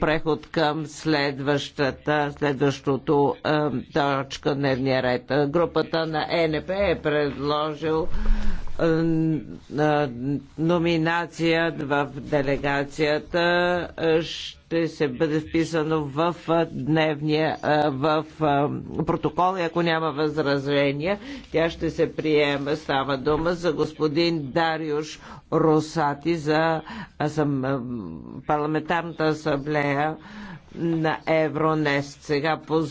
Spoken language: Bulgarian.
преход към следващата, следващото е, точка дневния ред. Групата на ЕНП е предложил е, е, номинация в делегацията. Е, ще се бъде вписано в е, дневния, е, в е, протокол и ако няма възражения, тя ще се приема. Става дума за господин Дариуш Росати за е, парламентарната асамблея асамблея на Евронест. Сега позволя